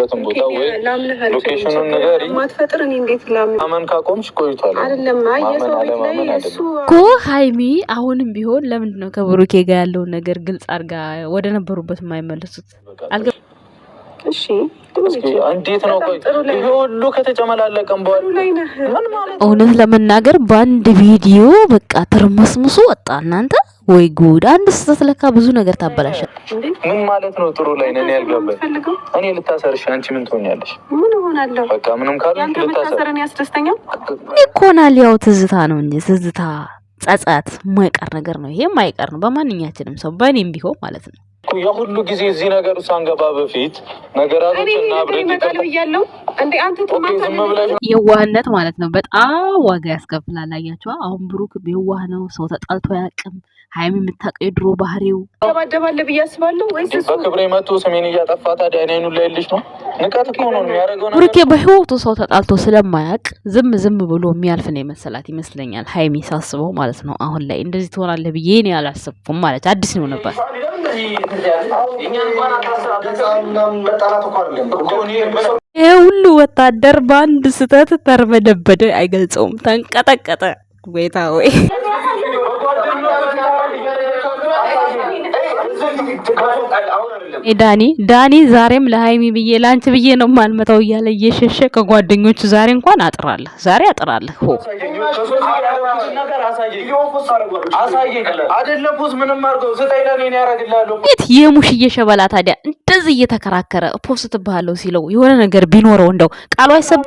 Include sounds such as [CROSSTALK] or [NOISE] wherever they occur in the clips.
ያለበትን ቦታ ወይ ሎኬሽኑን ንገሪ። ማመን ካቆምሽ ቆይቷል አይደለም እኮ ሀይሚ። አሁንም ቢሆን ለምንድን ነው ከብሩኬ ጋር ያለውን ነገር ግልጽ አድርጋ ወደ ነበሩበት የማይመለሱት? እንዴት ነው ይሄ ሁሉ ከተጨመላለቀም በኋላ እውነት ለመናገር በአንድ ቪዲዮ በቃ ትርመስምሱ ወጣ እናንተ ወይ ጉድ! አንድ ስህተት ለካ ብዙ ነገር ታበላሻል። ምን ማለት ነው? ጥሩ ላይ ነን ያልገባኝ። እኔ ልታሰርሽ፣ አንቺ ምን ትሆኛለሽ? ምን ሆናለሁ? በቃ ምንም ካሉ ልታሰር ያስደስተኛል ይኮናል። ያው ትዝታ ነው እንጂ ትዝታ ጸጸት፣ ማይቀር ነገር ነው። ይሄ ማይቀር ነው በማንኛችንም ሰው በእኔም ቢሆን ማለት ነው። የሁሉ ጊዜ እዚህ ነገር ሳንገባ በፊት ነገራቶችና የዋህነት ማለት ነው። በጣም ዋጋ ያስከፍላል። አያቸዋ አሁን ብሩክ የዋህ ነው። ሰው ተጣልቶ አያውቅም። ሀይም የምታውቀው የድሮ ባህሪው ደባደባለ ብዬ አስባለሁ። በክብሬ መቶ ስሜን እያጠፋ ታዲያ እኔ አይኑን ላይልሽ ነው። ንቀት እኮ ነው የሚያደርገው ብሩኬ በህይወቱ ሰው ተጣልቶ ስለማያውቅ ዝም ዝም ብሎ የሚያልፍ ነው የመሰላት ይመስለኛል። ሀይሚ ሳስበው ማለት ነው። አሁን ላይ እንደዚህ ትሆናለህ ብዬ እኔ አላሰብኩም። ማለት አዲስ ነው ነበር ይህ ሁሉ ወታደር በአንድ ስህተት ተርበደበደ፣ አይገልጸውም። ተንቀጠቀጠ። ጌታ ወይ ዳኒ ዳኒ ዛሬም ለሀይሚ ብዬ ለአንቺ ብዬ ነው የማልመታው እያለ እየሸሸ ከጓደኞቹ ዛሬ እንኳን አጥራለህ፣ ዛሬ አጥራለህ። ሆ የት የሙሽዬ ሸበላ ታዲያ እንደዚህ እየተከራከረ ፖስት ባለው ሲለው የሆነ ነገር ቢኖረው እንደው ቃሉ አይሰብ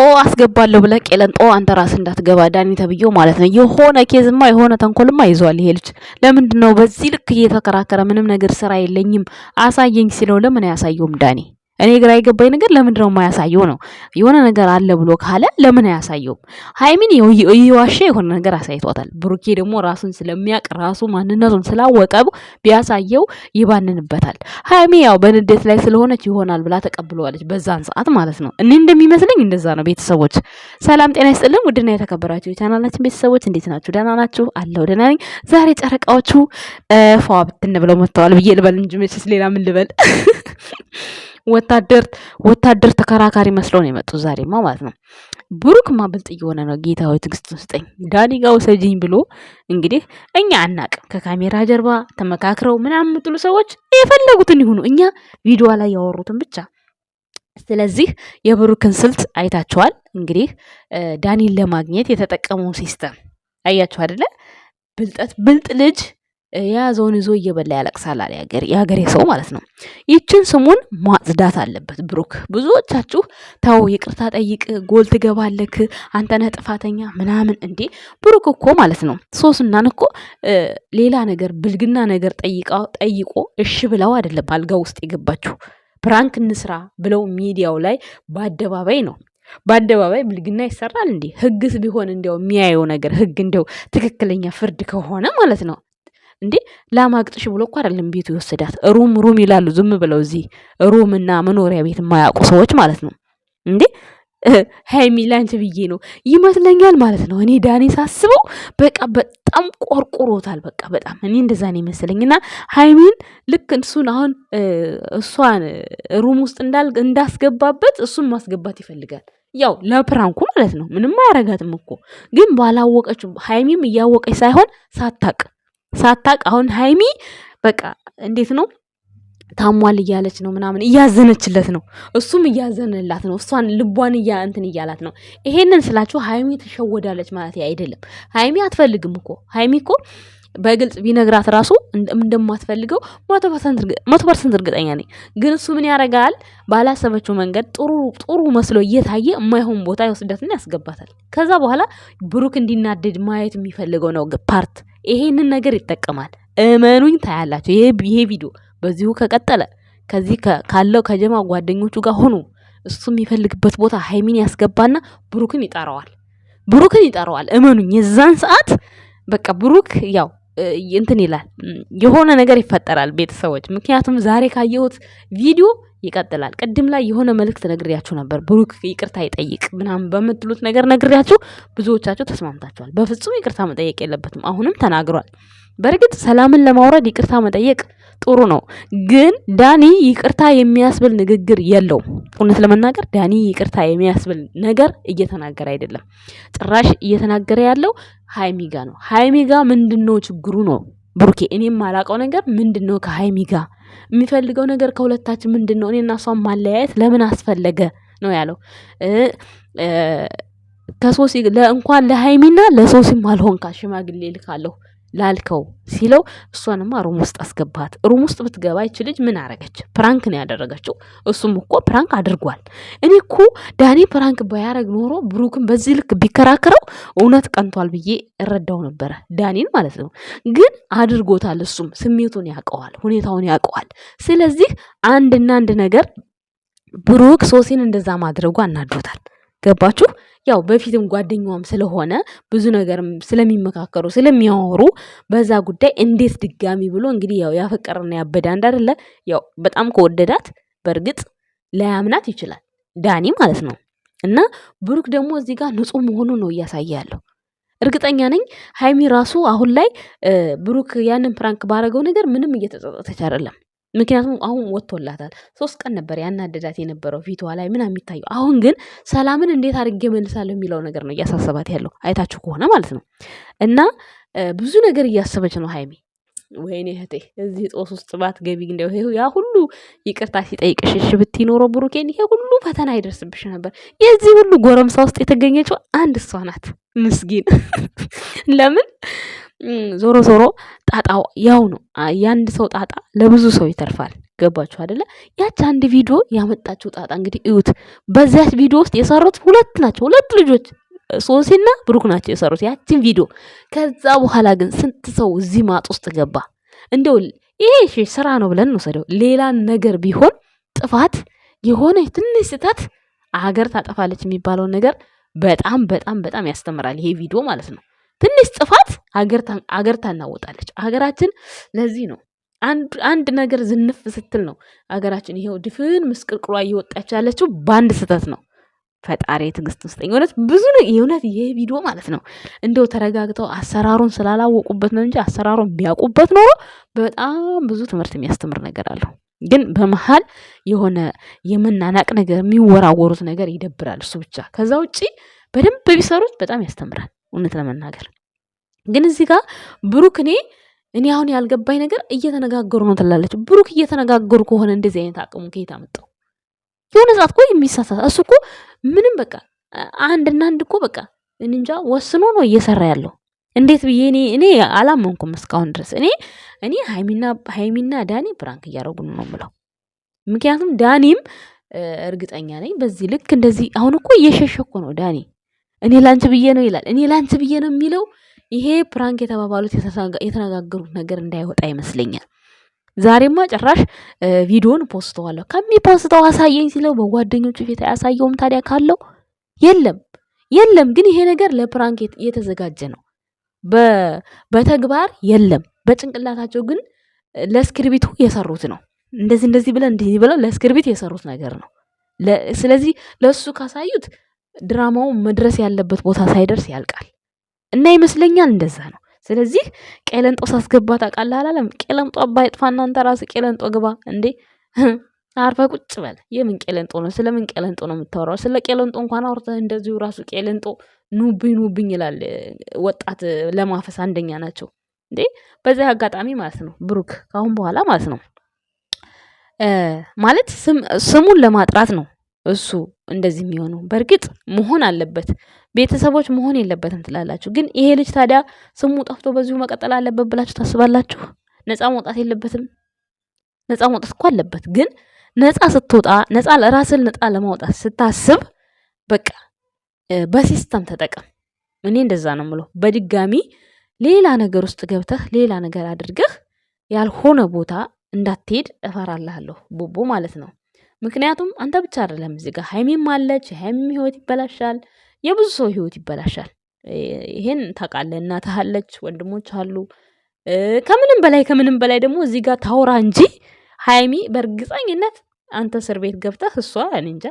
ኦ አስገባለሁ ብለህ ቄለንጦ አንተ ራስ እንዳትገባ ዳኒ ተብዬው ማለት ነው። የሆነ ኬዝማ የሆነ ተንኮልማ ይዟል ይሄ ልጅ። ለምንድን ነው በዚህ ልክ እየተከራከረ ምንም ነገር ስራ የለኝም አሳየኝ ሲለው ለምን አያሳየውም ዳኒ? እኔ ግራ የገባኝ ነገር ለምንድን ነው የማያሳየው? ነው የሆነ ነገር አለ ብሎ ካለ ለምን አያሳየውም? ሀይሚን እየዋሸ የሆነ ነገር አሳይቷታል። ብሩኬ ደግሞ ራሱን ስለሚያውቅ ራሱ ማንነቱን ስላወቀ ቢያሳየው ይባንንበታል። ሀይሚ ያው በንዴት ላይ ስለሆነች ይሆናል ብላ ተቀብለዋለች፣ በዛን ሰዓት ማለት ነው። እኔ እንደሚመስለኝ እንደዛ ነው። ቤተሰቦች ሰላም ጤና ይስጥልን። ውድና የተከበራችሁ የቻናላችን ቤተሰቦች እንዴት ናችሁ? ደህና ናችሁ? አለው ደህና ነኝ። ዛሬ ጨረቃዎቹ ፏ ብትን ብለው መጥተዋል ብዬ ልበል እንጂ መቼስ ሌላ ምን ልበል [LAUGHS] ወታደር ወታደር ተከራካሪ መስለው ነው የመጡት ዛሬማ ማለት ነው። ብሩክማ ብልጥ እየሆነ ነው። ጌታ ሆይ ትዕግስቱን ስጠኝ፣ ዳኒ ጋ ብሎ እንግዲህ እኛ አናቅም። ከካሜራ ጀርባ ተመካክረው ምናምን የምትሉ ሰዎች የፈለጉትን ይሁኑ፣ እኛ ቪዲዮ ላይ ያወሩትን ብቻ ስለዚህ የብሩክን ስልት አይታችኋል። እንግዲህ ዳኒን ለማግኘት የተጠቀመው ሲስተም አያችሁ አይደለ? ብልጠት ብልጥ ልጅ የያዘውን ይዞ እየበላ ያለቅሳል አለ የሀገሬ ሰው ማለት ነው። ይችን ስሙን ማጽዳት አለበት ብሩክ። ብዙዎቻችሁ ተው ይቅርታ ጠይቅ፣ ጎል ትገባለክ፣ አንተነህ ጥፋተኛ ምናምን። እንዴ ብሩክ እኮ ማለት ነው ሶስናን እኮ ሌላ ነገር ብልግና ነገር ጠይቆ እሺ ብለው አይደለም አልጋ ውስጥ የገባችሁ ፕራንክ እንስራ ብለው ሚዲያው ላይ በአደባባይ ነው በአደባባይ ብልግና ይሰራል እንዴ? ህግስ ቢሆን እንዲያው የሚያየው ነገር ህግ እንዲያው ትክክለኛ ፍርድ ከሆነ ማለት ነው እንዴ ላማግጥሽ ብሎ እኮ አይደለም ቤቱ ይወሰዳት ሩም ሩም ይላሉ ዝም ብለው እዚህ እና መኖሪያ ቤት የማያውቁ ሰዎች ማለት ነው። እንዴ ሀይሚ ላንቺ ብዬ ነው ይመስለኛል ማለት ነው። እኔ ዳኔ ሳስበው በቃ በጣም ቆርቆሮታል በቃ በጣም እኔ እንደዛ ነው ይመስለኝ እና ሀይሚን ልክ እሱን አሁን እሷን ሩም ውስጥ እንዳስገባበት እሱን ማስገባት ይፈልጋል። ያው ለፕራንኩ ማለት ነው። ምንም አያረጋትም እኮ ግን ባላወቀችው ሀይሚም እያወቀች ሳይሆን ሳታቅ ሳታቅ አሁን ሀይሚ በቃ እንዴት ነው ታሟል እያለች ነው ምናምን እያዘነችለት ነው፣ እሱም እያዘነላት ነው፣ እሷን ልቧን እያ እንትን እያላት ነው። ይሄንን ስላችሁ ሀይሚ ተሸወዳለች ማለት አይደለም። ሀይሚ አትፈልግም እኮ ሀይሚ እኮ በግልጽ ቢነግራት ራሱ እንደማትፈልገው መቶ ፐርሰንት እርግጠኛ ነኝ። ግን እሱ ምን ያደርጋል? ባላሰበችው መንገድ ጥሩ ጥሩ መስሎ እየታየ የማይሆን ቦታ ይወስዳትና ያስገባታል። ከዛ በኋላ ብሩክ እንዲናደድ ማየት የሚፈልገው ነው ፓርት ይሄንን ነገር ይጠቀማል። እመኑኝ ታያላቸው። ይሄ ቪዲዮ በዚሁ ከቀጠለ ከዚህ ካለው ከጀማ ጓደኞቹ ጋር ሆኖ እሱ የሚፈልግበት ቦታ ሀይሚን ያስገባና ብሩክን ይጠራዋል። ብሩክን ይጠራዋል። እመኑኝ የዛን ሰዓት በቃ ብሩክ ያው እንትን ይላል፣ የሆነ ነገር ይፈጠራል ቤተሰቦች። ምክንያቱም ዛሬ ካየሁት ቪዲዮ ይቀጥላል። ቅድም ላይ የሆነ መልእክት ነግሬያችሁ ነበር፣ ብሩክ ይቅርታ ይጠይቅ ምናምን በምትሉት ነገር ነግሬያችሁ ብዙዎቻችሁ ተስማምታችኋል። በፍጹም ይቅርታ መጠየቅ የለበትም። አሁንም ተናግሯል። በእርግጥ ሰላምን ለማውረድ ይቅርታ መጠየቅ ጥሩ ነው፣ ግን ዳኒ ይቅርታ የሚያስብል ንግግር የለውም። እውነት ለመናገር ዳኒ ይቅርታ የሚያስብል ነገር እየተናገረ አይደለም። ጭራሽ እየተናገረ ያለው ሀይሚጋ ነው። ሀይሚጋ ምንድን ነው ችግሩ ነው ብሩኬ እኔም ማላቀው ነገር ምንድን ነው? ከሀይሚ ጋ የሚፈልገው ነገር ከሁለታችን ምንድን ነው? እኔና እሷን ማለያየት ለምን አስፈለገ ነው ያለው። ከሶሲ እንኳን ለሀይሚና ለሶሲም አልሆንካ ሽማግሌ ልካለሁ ላልከው ሲለው እሷንማ ሩም ውስጥ አስገባት። ሩም ውስጥ ብትገባ ይች ልጅ ምን አረገች? ፕራንክ ነው ያደረገችው። እሱም እኮ ፕራንክ አድርጓል። እኔ እኮ ዳኒ ፕራንክ ባያረግ ኖሮ ብሩክን በዚህ ልክ ቢከራከረው እውነት ቀንቷል ብዬ እረዳው ነበረ፣ ዳኒን ማለት ነው። ግን አድርጎታል። እሱም ስሜቱን ያውቀዋል፣ ሁኔታውን ያውቀዋል። ስለዚህ አንድና አንድ ነገር ብሩክ ሶሲን እንደዛ ማድረጉ አናዶታል። ገባችሁ? ያው በፊትም ጓደኛዋም ስለሆነ ብዙ ነገር ስለሚመካከሩ ስለሚያወሩ በዛ ጉዳይ እንዴት ድጋሚ ብሎ እንግዲህ ያው ያፈቀረና ያበደ አንድ አይደለ? ያው በጣም ከወደዳት በእርግጥ ላያምናት ይችላል ዳኒ ማለት ነው። እና ብሩክ ደግሞ እዚህ ጋር ንጹህ መሆኑ ነው እያሳየ ያለው። እርግጠኛ ነኝ ሀይሚ ራሱ አሁን ላይ ብሩክ ያንን ፕራንክ ባረገው ነገር ምንም እየተጸጸተች አይደለም። ምክንያቱም አሁን ወጥቶላታል። ሶስት ቀን ነበር ያናደዳት የነበረው ፊትዋ ላይ ምናምን የሚታየው። አሁን ግን ሰላምን እንዴት አድርጌ መልሳለሁ የሚለው ነገር ነው እያሳሰባት ያለው አይታችሁ ከሆነ ማለት ነው። እና ብዙ ነገር እያሰበች ነው ሀይሜ። ወይኔ እህቴ እዚህ ጦስ ውስጥ ገቢ እንደ ያ ሁሉ ይቅርታ ሲጠይቅሽ እሺ ብትኖረው ብሩኬን ይሄ ሁሉ ፈተና አይደርስብሽ ነበር። የዚህ ሁሉ ጎረምሳ ውስጥ የተገኘችው አንድ እሷ ናት። ምስጊን ለምን ዞሮ ዞሮ ጣጣው ያው ነው። የአንድ ሰው ጣጣ ለብዙ ሰው ይተርፋል። ገባችሁ አደለ? ያች አንድ ቪዲዮ ያመጣችው ጣጣ እንግዲህ እዩት። በዚያች ቪዲዮ ውስጥ የሰሩት ሁለት ናቸው፣ ሁለት ልጆች ሶሲና ብሩክ ናቸው የሰሩት ያችን ቪዲዮ። ከዛ በኋላ ግን ስንት ሰው እዚህ ማጥ ውስጥ ገባ። እንደው ይሄ ስራ ነው ብለን እንውሰደው። ሌላ ነገር ቢሆን ጥፋት የሆነ ትንሽ ስህተት ሀገር ታጠፋለች የሚባለውን ነገር በጣም በጣም በጣም ያስተምራል ይሄ ቪዲዮ ማለት ነው። ትንሽ ጥፋት አገር ታናወጣለች። ሀገራችን ለዚህ ነው አንድ ነገር ዝንፍ ስትል ነው ሀገራችን ይሄው ድፍን ምስቅርቅሯ እየወጣች ያለችው በአንድ ስህተት ነው። ፈጣሪ የትዕግስት ውስጠኝ የሆነት ብዙ የእውነት ይሄ ቪዲዮ ማለት ነው እንደው ተረጋግተው አሰራሩን ስላላወቁበት ነው እንጂ አሰራሩን ቢያውቁበት ኖሮ በጣም ብዙ ትምህርት የሚያስተምር ነገር አለው። ግን በመሀል የሆነ የመናናቅ ነገር የሚወራወሩት ነገር ይደብራል። እሱ ብቻ ከዛ ውጪ በደንብ ቢሰሩት በጣም ያስተምራል። እውነት ለመናገር ግን እዚህ ጋር ብሩክ እኔ እኔ አሁን ያልገባኝ ነገር እየተነጋገሩ ነው ትላለች። ብሩክ እየተነጋገሩ ከሆነ እንደዚህ አይነት አቅሙ ከየት አመጣው? የሆነ ሰዓት እኮ የሚሳሳት እሱ እኮ ምንም በቃ አንድና አንድ እኮ በቃ እንጃ ወስኖ ነው እየሰራ ያለው። እንዴት ብዬ እኔ እኔ አላመንኩም እስካሁን ድረስ እኔ እኔ ሀይሚና ሀይሚና ዳኒ ብራንክ እያደረጉ ነው ምለው። ምክንያቱም ዳኒም እርግጠኛ ነኝ በዚህ ልክ እንደዚህ አሁን እኮ እየሸሸ እኮ ነው ዳኒ እኔ ላንቺ ብዬ ነው ይላል። እኔ ላንቺ ብዬ ነው የሚለው ይሄ ፕራንክ የተባባሉት የተነጋገሩት ነገር እንዳይወጣ ይመስለኛል። ዛሬማ ጭራሽ ቪዲዮን ፖስተዋለሁ ከሚፖስተው አሳየኝ ሲለው በጓደኞቹ ፊት አያሳየውም። ታዲያ ካለው የለም የለም፣ ግን ይሄ ነገር ለፕራንክ የተዘጋጀ ነው። በተግባር የለም፣ በጭንቅላታቸው ግን ለእስክርቢቱ የሰሩት ነው። እንደዚህ እንደዚህ ብለን እንዲህ ብለው ለእስክርቢት የሰሩት ነገር ነው። ስለዚህ ለእሱ ካሳዩት ድራማው መድረስ ያለበት ቦታ ሳይደርስ ያልቃል እና ይመስለኛል እንደዛ ነው። ስለዚህ ቄለንጦ ሳስገባ ታውቃለህ አላለም? ቄለንጦ አባ ይጥፋ እናንተ ራስ ቄለንጦ ግባ እንዴ [LAUGHS] አርፈ ቁጭ በል። የምን ቄለንጦ ነው? ስለምን ቄለንጦ ነው የምታወራው? ስለ ቄለንጦ እንኳን አውርተህ እንደዚሁ ራሱ ቄለንጦ ኑብኝ ኑብኝ ይላል። ወጣት ለማፈስ አንደኛ ናቸው እንዴ። በዚህ አጋጣሚ ማለት ነው ብሩክ ከአሁን በኋላ ማለት ነው ማለት ስሙን ለማጥራት ነው እሱ እንደዚህ የሚሆኑ በእርግጥ መሆን አለበት ቤተሰቦች መሆን የለበትም ትላላችሁ። ግን ይሄ ልጅ ታዲያ ስሙ ጠፍቶ በዚሁ መቀጠል አለበት ብላችሁ ታስባላችሁ? ነፃ መውጣት የለበትም? ነፃ መውጣት እኮ አለበት። ግን ነፃ ስትወጣ ነፃ ራስን ነፃ ለማውጣት ስታስብ በቃ በሲስተም ተጠቀም። እኔ እንደዛ ነው ምለው። በድጋሚ ሌላ ነገር ውስጥ ገብተህ ሌላ ነገር አድርገህ ያልሆነ ቦታ እንዳትሄድ እፈራልሃለሁ ቦቦ ማለት ነው። ምክንያቱም አንተ ብቻ አይደለም እዚህ ጋር ሀይሚም አለች። የሀይሚም ህይወት ይበላሻል፣ የብዙ ሰው ህይወት ይበላሻል። ይሄን ታውቃለህ። እናትህ አለች፣ ወንድሞች አሉ። ከምንም በላይ ከምንም በላይ ደግሞ እዚህ ጋር ታውራ እንጂ ሀይሚ በእርግጠኝነት አንተ እስር ቤት ገብተህ እሷ እኔ እንጃ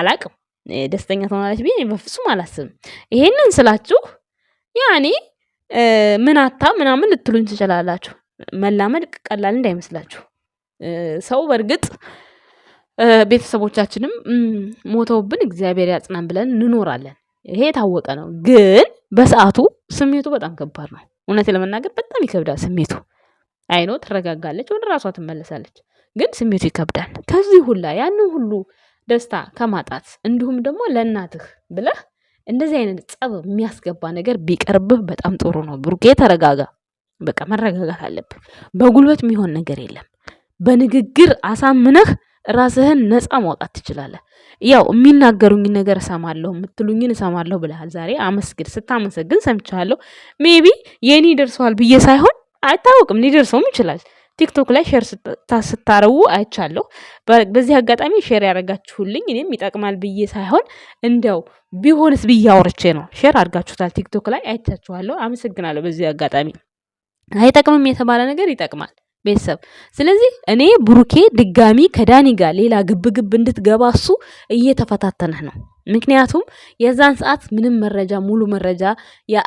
አላቅም ደስተኛ ትሆናለች ብዬ በፍጹም አላስብም። ይሄንን ስላችሁ ያኔ ምናታ ምናምን ልትሉኝ ትችላላችሁ። መላመድ ቀላል እንዳይመስላችሁ ሰው በእርግጥ ቤተሰቦቻችንም ሞተውብን እግዚአብሔር ያጽናን ብለን እንኖራለን። ይሄ የታወቀ ነው። ግን በሰዓቱ ስሜቱ በጣም ከባድ ነው። እውነት ለመናገር በጣም ይከብዳል ስሜቱ። አይኖ ትረጋጋለች፣ ወደ ራሷ ትመለሳለች። ግን ስሜቱ ይከብዳል። ከዚህ ሁላ ያንን ሁሉ ደስታ ከማጣት እንዲሁም ደግሞ ለእናትህ ብለህ እንደዚህ አይነት ጸብ የሚያስገባ ነገር ቢቀርብህ በጣም ጥሩ ነው። ብሩኬ ተረጋጋ። በቃ መረጋጋት አለብህ። በጉልበት የሚሆን ነገር የለም። በንግግር አሳምነህ ራስህን ነፃ ማውጣት ትችላለህ። ያው የሚናገሩኝ ነገር እሰማለሁ የምትሉኝን እሰማለሁ ብለሃል። ዛሬ አመስግን። ስታመሰግን ሰምቻለሁ። ሜቢ የእኔ ይደርሰዋል ብዬ ሳይሆን አይታወቅም፣ ሊደርሰውም ይችላል። ቲክቶክ ላይ ሼር ስታረጉ አይቻለሁ። በዚህ አጋጣሚ ሼር ያደረጋችሁልኝ እኔም ይጠቅማል ብዬ ሳይሆን እንደው ቢሆንስ ብዬ አውርቼ ነው። ሼር አድርጋችሁታል ቲክቶክ ላይ አይቻችኋለሁ። አመሰግናለሁ። በዚህ አጋጣሚ አይጠቅምም የተባለ ነገር ይጠቅማል። ቤተሰብ ስለዚህ እኔ ብሩኬ ድጋሚ ከዳኒ ጋር ሌላ ግብግብ እንድትገባ እሱ እየተፈታተነህ ነው። ምክንያቱም የዛን ሰዓት ምንም መረጃ ሙሉ መረጃ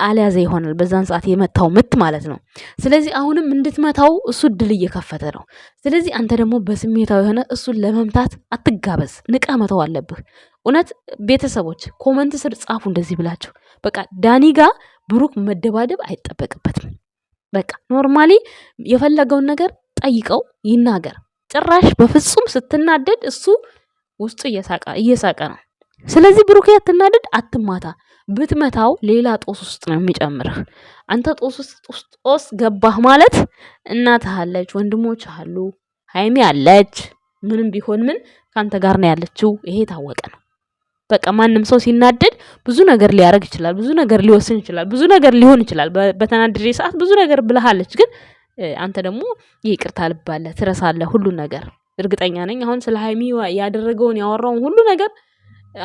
አልያዘ ይሆናል፣ በዛን ሰዓት የመታው ምት ማለት ነው። ስለዚህ አሁንም እንድትመታው እሱ ድል እየከፈተ ነው። ስለዚህ አንተ ደግሞ በስሜታዊ የሆነ እሱን ለመምታት አትጋበዝ፣ ንቃ መተው አለብህ። እውነት ቤተሰቦች ኮመንት ስር ጻፉ እንደዚህ ብላችሁ በቃ ዳኒ ጋር ብሩክ መደባደብ አይጠበቅበትም። በቃ ኖርማሊ የፈለገውን ነገር ጠይቀው ይናገር። ጭራሽ በፍጹም ስትናደድ እሱ ውስጡ እየሳቀ ነው። ስለዚህ ብሩኬ አትናደድ፣ አትማታ። ብትመታው ሌላ ጦስ ውስጥ ነው የሚጨምርህ። አንተ ጦስ ውስጥ ጦስ ገባህ ማለት እናትህ አለች፣ ወንድሞች አሉ፣ ሀይሜ አለች። ምንም ቢሆን ምን ከአንተ ጋር ነው ያለችው። ይሄ ታወቀ ነው። በቃ ማንም ሰው ሲናደድ ብዙ ነገር ሊያደርግ ይችላል፣ ብዙ ነገር ሊወስን ይችላል፣ ብዙ ነገር ሊሆን ይችላል። በተናድሬ ሰዓት ብዙ ነገር ብለሃለች፣ ግን አንተ ደግሞ ይቅርታ ልባለ ትረሳለ ሁሉን ነገር። እርግጠኛ ነኝ አሁን ስለ ሀይሚ ያደረገውን ያወራውን ሁሉ ነገር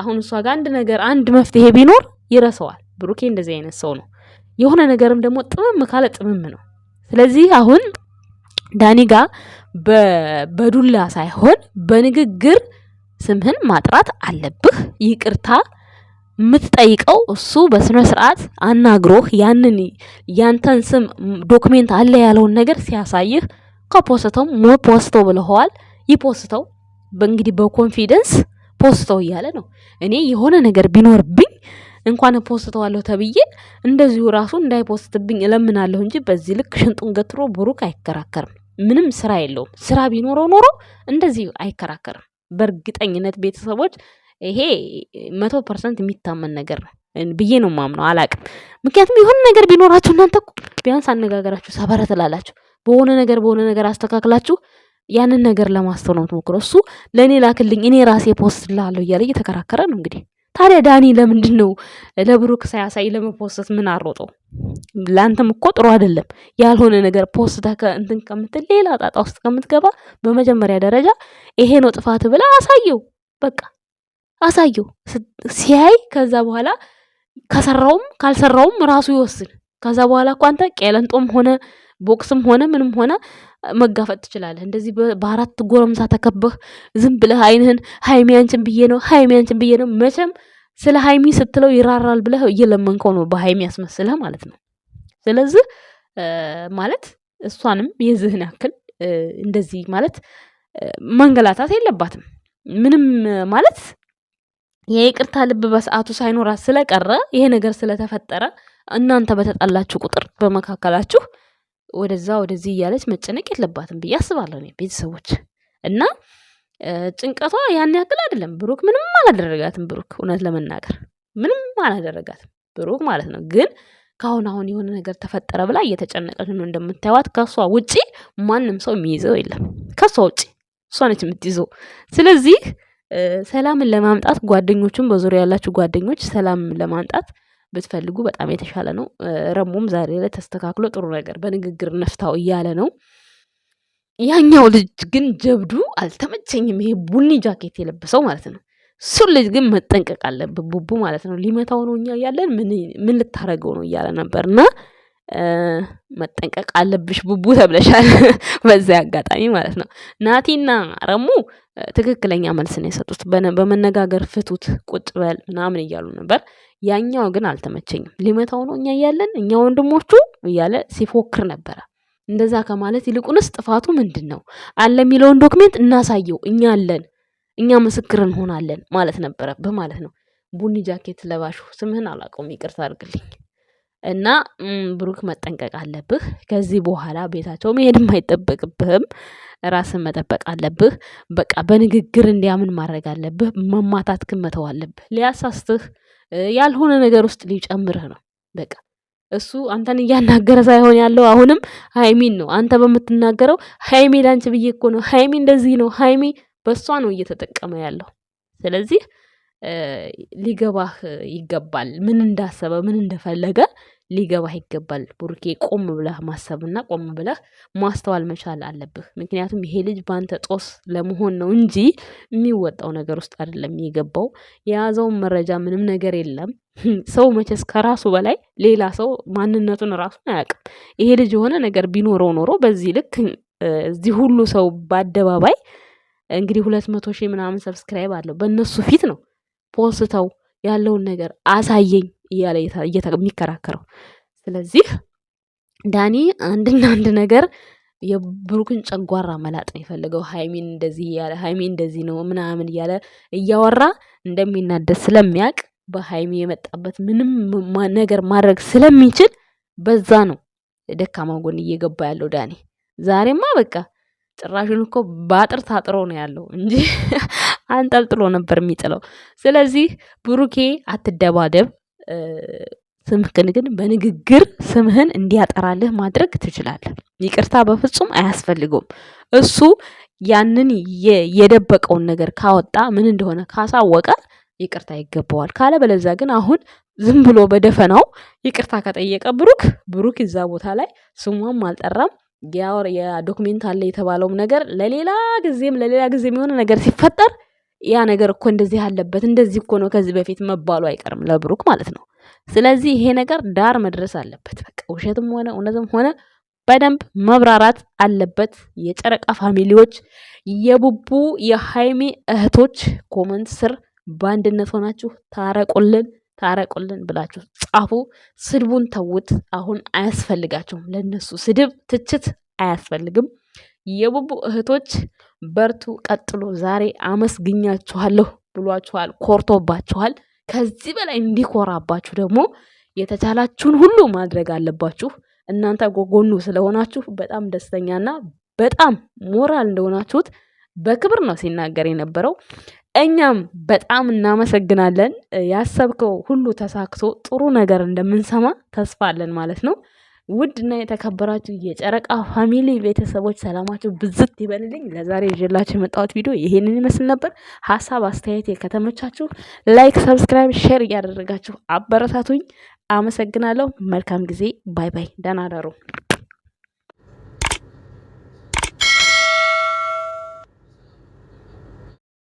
አሁን እሷ ጋር አንድ ነገር አንድ መፍትሄ ቢኖር ይረሳዋል። ብሩኬ እንደዚህ አይነት ሰው ነው። የሆነ ነገርም ደግሞ ጥምም ካለ ጥምም ነው። ስለዚህ አሁን ዳኒ ጋር በዱላ ሳይሆን በንግግር ስምህን ማጥራት አለብህ። ይቅርታ የምትጠይቀው እሱ በስነ ስርዓት አናግሮህ ያንን ያንተን ስም ዶክሜንት አለ ያለውን ነገር ሲያሳይህ ከፖስተው ሞር ፖስተው ብለኸዋል። ይፖስተው በእንግዲህ በኮንፊደንስ ፖስተው እያለ ነው። እኔ የሆነ ነገር ቢኖርብኝ እንኳን ፖስተዋለሁ ተብዬ እንደዚሁ ራሱ እንዳይፖስትብኝ እለምናለሁ እንጂ በዚህ ልክ ሽንጡን ገትሮ ብሩክ አይከራከርም። ምንም ስራ የለውም። ስራ ቢኖረው ኖሮ እንደዚህ አይከራከርም። በእርግጠኝነት ቤተሰቦች ይሄ መቶ ፐርሰንት የሚታመን ነገር ብዬ ነው ማምነው። አላቅም ምክንያቱም የሆነ ነገር ቢኖራችሁ እናንተ እኮ ቢያንስ አነጋገራችሁ ሰበረ ትላላችሁ። በሆነ ነገር በሆነ ነገር አስተካክላችሁ ያንን ነገር ለማስተው ነው ትሞክሮ እሱ ለእኔ ላክልኝ እኔ ራሴ ፖስት ላለው እያለ እየተከራከረ ነው እንግዲህ ታዲያ ዳኒ ለምንድን ነው ለብሩክ ሳያሳይ ለመፖሰት ምን አሮጦ? ለአንተም እኮ ጥሩ አይደለም። ያልሆነ ነገር ፖስተህ ከእንትን ከምትል ሌላ ጣጣ ውስጥ ከምትገባ በመጀመሪያ ደረጃ ይሄ ነው ጥፋት ብለ አሳየው። በቃ አሳየው ሲያይ፣ ከዛ በኋላ ከሰራውም ካልሰራውም ራሱ ይወስን። ከዛ በኋላ እኮ አንተ ቄለንጦም ሆነ ቦክስም ሆነ ምንም ሆነ መጋፈጥ ትችላለህ። እንደዚህ በአራት ጎረምሳ ተከበህ ዝም ብለህ አይንህን ሀይሚ አንቺን ብዬ ነው ሀይሚ አንቺን ብዬ ነው መቼም ስለ ሀይሚ ስትለው ይራራል ብለህ እየለመንከው ነው በሀይሚ ያስመስለህ ማለት ነው። ስለዚህ ማለት እሷንም የዚህን ያክል እንደዚህ ማለት መንገላታት የለባትም። ምንም ማለት የይቅርታ ልብ በሰዓቱ ሳይኖራት ስለቀረ ይሄ ነገር ስለተፈጠረ እናንተ በተጣላችሁ ቁጥር በመካከላችሁ ወደዛ ወደዚህ እያለች መጨነቅ የለባትም ብዬ አስባለሁ። ቤተሰቦች እና ጭንቀቷ ያን ያክል አይደለም። ብሩክ ምንም አላደረጋትም። ብሩክ እውነት ለመናገር ምንም አላደረጋትም ብሩክ ማለት ነው። ግን ከአሁን አሁን የሆነ ነገር ተፈጠረ ብላ እየተጨነቀች ነው። እንደምታዩት ከእሷ ውጪ ማንም ሰው የሚይዘው የለም። ከእሷ ውጪ እሷ ነች የምትይዘው። ስለዚህ ሰላምን ለማምጣት ጓደኞቹም፣ በዙሪያ ያላችሁ ጓደኞች ሰላም ለማምጣት ብትፈልጉ በጣም የተሻለ ነው። ረሞም ዛሬ ላይ ተስተካክሎ ጥሩ ነገር በንግግር ነፍታው እያለ ነው። ያኛው ልጅ ግን ጀብዱ አልተመቸኝም። ይሄ ቡኒ ጃኬት የለበሰው ማለት ነው። እሱን ልጅ ግን መጠንቀቅ አለብን ቡቡ ማለት ነው። ሊመታው ነው እኛ እያለን ምን ልታረገው ነው እያለ ነበር እና መጠንቀቅ አለብሽ ቡቡ ተብለሻል። [LAUGHS] በዚያ አጋጣሚ ማለት ነው ናቲና ረሙ ትክክለኛ መልስ ነው የሰጡት። በመነጋገር ፍቱት፣ ቁጭ በል ምናምን እያሉ ነበር። ያኛው ግን አልተመቸኝም። ሊመታው ነው እኛ እያለን እኛ ወንድሞቹ እያለ ሲፎክር ነበረ። እንደዛ ከማለት ይልቁንስ ጥፋቱ ምንድን ነው አለ የሚለውን ዶክሜንት እናሳየው፣ እኛ አለን፣ እኛ ምስክር እንሆናለን ማለት ነበረብህ ማለት ነው። ቡኒ ጃኬት ለባሹ ስምህን አላውቀውም፣ ይቅርታ አድርግልኝ። እና ብሩክ መጠንቀቅ አለብህ። ከዚህ በኋላ ቤታቸው መሄድም አይጠበቅብህም። ራስን መጠበቅ አለብህ። በቃ በንግግር እንዲያምን ማድረግ አለብህ። መማታት መተው አለብህ። ሊያሳስትህ ያልሆነ ነገር ውስጥ ሊጨምርህ ነው። በቃ እሱ አንተን እያናገረ ሳይሆን ያለው አሁንም ሀይሚን ነው። አንተ በምትናገረው ሀይሚ ላንቺ ብዬ እኮ ነው፣ ሀይሚ እንደዚህ ነው፣ ሀይሚ በእሷ ነው እየተጠቀመ ያለው። ስለዚህ ሊገባህ ይገባል ምን እንዳሰበ ምን እንደፈለገ ሊገባህ ይገባል። ቡርኬ ቆም ብለህ ማሰብና ቆም ብለህ ማስተዋል መቻል አለብህ። ምክንያቱም ይሄ ልጅ በአንተ ጦስ ለመሆን ነው እንጂ የሚወጣው ነገር ውስጥ አይደለም የገባው። የያዘውን መረጃ ምንም ነገር የለም። ሰው መቼስ ከራሱ በላይ ሌላ ሰው ማንነቱን ራሱን አያውቅም። ይሄ ልጅ የሆነ ነገር ቢኖረው ኖሮ በዚህ ልክ እዚህ ሁሉ ሰው በአደባባይ እንግዲህ ሁለት መቶ ሺህ ምናምን ሰብስክራይብ አለው በእነሱ ፊት ነው ፖስተው ያለውን ነገር አሳየኝ እያለ የሚከራከረው። ስለዚህ ዳኒ አንድና አንድ ነገር የብሩክን ጨጓራ መላጥ ነው የፈለገው። ሀይሚን እንደዚህ እያለ ሀይሚን እንደዚህ ነው ምናምን እያለ እያወራ እንደሚናደድ ስለሚያውቅ በሀይሚ የመጣበት ምንም ነገር ማድረግ ስለሚችል በዛ ነው ደካማ ጎን እየገባ ያለው ዳኒ። ዛሬማ በቃ ጭራሹን እኮ በአጥር ታጥሮ ነው ያለው እንጂ [LAUGHS] አንጠልጥሎ ነበር የሚጥለው። ስለዚህ ብሩኬ አትደባደብ። ስምህን ግን በንግግር ስምህን እንዲያጠራልህ ማድረግ ትችላለህ። ይቅርታ በፍጹም አያስፈልገውም። እሱ ያንን የደበቀውን ነገር ካወጣ ምን እንደሆነ ካሳወቀ ይቅርታ ይገባዋል። ካለ በለዛ ግን አሁን ዝም ብሎ በደፈናው ይቅርታ ከጠየቀ ብሩክ ብሩክ እዛ ቦታ ላይ ስሟም አልጠራም ያ አለ የተባለውም ነገር ለሌላ ጊዜም ለሌላ ጊዜም የሆነ ነገር ሲፈጠር ያ ነገር እኮ እንደዚህ ያለበት እንደዚህ እኮ ነው ከዚህ በፊት መባሉ አይቀርም ለብሩክ ማለት ነው። ስለዚህ ይሄ ነገር ዳር መድረስ አለበት። በቃ ውሸትም ሆነ እውነትም ሆነ በደንብ መብራራት አለበት። የጨረቃ ፋሚሊዎች፣ የቡቡ የሀይሚ እህቶች ኮመንት ስር በአንድነት ሆናችሁ ታረቁልን ታረቁልን ብላችሁ ጻፉ። ስድቡን ተውት። አሁን አያስፈልጋችሁም። ለነሱ ስድብ ትችት አያስፈልግም። የቡቡ እህቶች በርቱ፣ ቀጥሎ ዛሬ አመስግኛችኋለሁ ብሏችኋል፣ ኮርቶባችኋል። ከዚህ በላይ እንዲኮራባችሁ ደግሞ የተቻላችሁን ሁሉ ማድረግ አለባችሁ። እናንተ ጎጎኑ ስለሆናችሁ በጣም ደስተኛና በጣም ሞራል እንደሆናችሁት በክብር ነው ሲናገር የነበረው። እኛም በጣም እናመሰግናለን። ያሰብከው ሁሉ ተሳክቶ ጥሩ ነገር እንደምንሰማ ተስፋ አለን ማለት ነው። ውድና የተከበራችሁ የጨረቃ ፋሚሊ ቤተሰቦች ሰላማችሁ ብዝት ይበልልኝ። ለዛሬ ይዤላችሁ የመጣሁት ቪዲዮ ይሄንን ይመስል ነበር። ሀሳብ አስተያየት ከተመቻችሁ ላይክ፣ ሰብስክራይብ፣ ሼር እያደረጋችሁ አበረታቱኝ። አመሰግናለሁ። መልካም ጊዜ። ባይ ባይ። ደህና አደሩ።